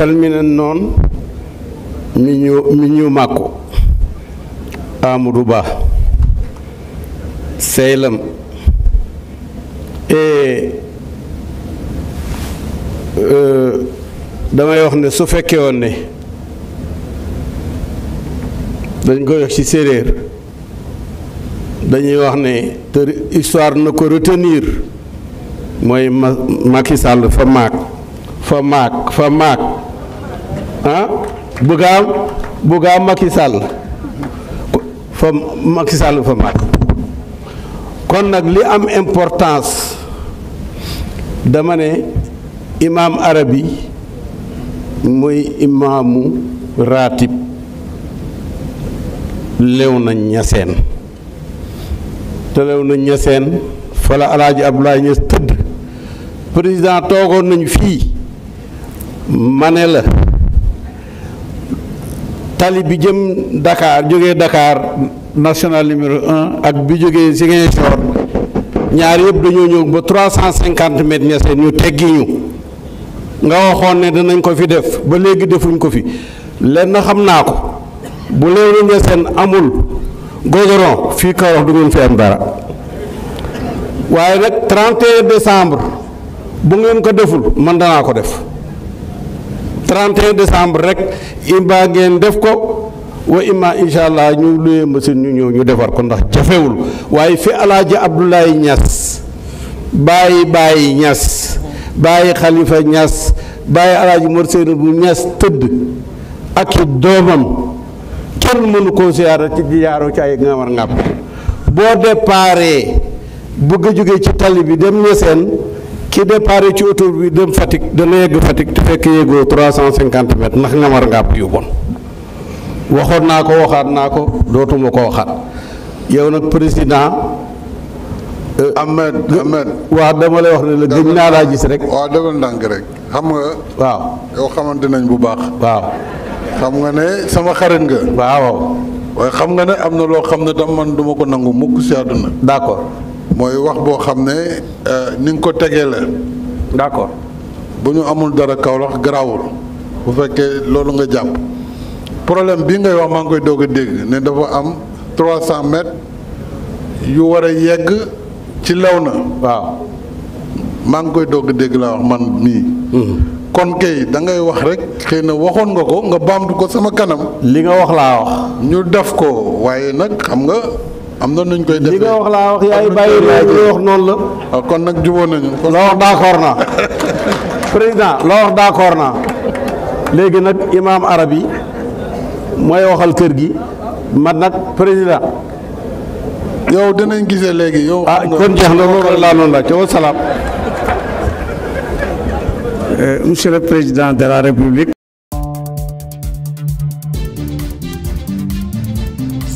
calminen noon miño miño makko amadou ba sehlam e euh, damay wax ne su fekkee woon ne dañ koy wax ci séréer dañuy wax ne te histoire na ko retenir mooy ma Macky Sall fa maak fa maak fa maak ah bugaa bugaa Macky Sall fa Macky fa mat kon nag li am importance dama ne imaam arabi muy imaamu raatib lew na ñaseen te lew na ñaseen fa la alaaji Abdoulaye Niass tëdd président toogoon nañu fii mane la tali bi jëm dakaar jógee Dakar national numéro ak bi jógee Ziguinchor ñaar yëpp dañoo ñëw ba trois cent cinquante mètres ñeseen ñu teggi ñu nga waxoon ne danañ ko fi def ba léegi defuñ ko fi lenn xam naa ko bu leenu ñeseen amul goudron fii Kaolack du ngeen fi am dara waaye nag 31 décembre bu ngeen ko deful man danaa ko def 31 décembre rek imba ngeen def ko wa imma incha allah ñu luyee machine ñu ñëw ñu defar ko ndax jafewul waaye fi alaaji Abdoulaye Niass bàyyi bàyyi Niass bàyyi Khalifa Niass bàyyi alaaji Mor bu Niass tëdd ak i doomam kenn mënu koo siyaara ci jaaroo ci ay ngamar ngàpp boo déparé bëgg a jóge ci tali bi dem ña seen ki départ ci autour bi dem Fatick dana yegg Fatick te fekk yeggoo trois cent cinquante mètres ndax nga mar ngàpp yu bon waxoon naa ko waxaat naa ko dootuma ko waxaat yow nag président. Euh, Ahmed Ahmed. dama lay wax ne la gëj naa laa gis rek. waaw defal ndànk rek xam nga. waaw yow xamante nañ bu baax. waaw. xam nga ne sama xarit nga. waaw. waaye xam nga ne am na loo xam ne tam man duma ko nangu mukk si àdduna. d'accord. mooy wax boo xam ne euh, ni nga ko tegee la. d'accord. bu ñu amul dara Kaolack garawul bu fekkee loolu nga jàpp problème bi ngay wax maa ngi koy dog a dégg ne dafa am trois cent mètres yu war a yegg ci law na. waaw maa ngi koy dog a dégg laa wax man mii. Hmm. kon kay da ngay wax rek xëy na waxoon nga ko nga baamtu ko sama kanam. li nga wax laa wax. ñu def ko waaye nag xam nga. am na nuñ koy defee li nga wax laa wax yaay bàyyi loo wax noonu la. Ah, kon nag jubóo nañu. loo wax d'accord naa président loo wax d'accord naa léegi nag imaam arab yi mooy waxal kër gi man nag président. yow dinañ gisee léegi yow. ah kon jeex na loolu laa noonu la ca wa salaam. Euh, monsieur le président de la république.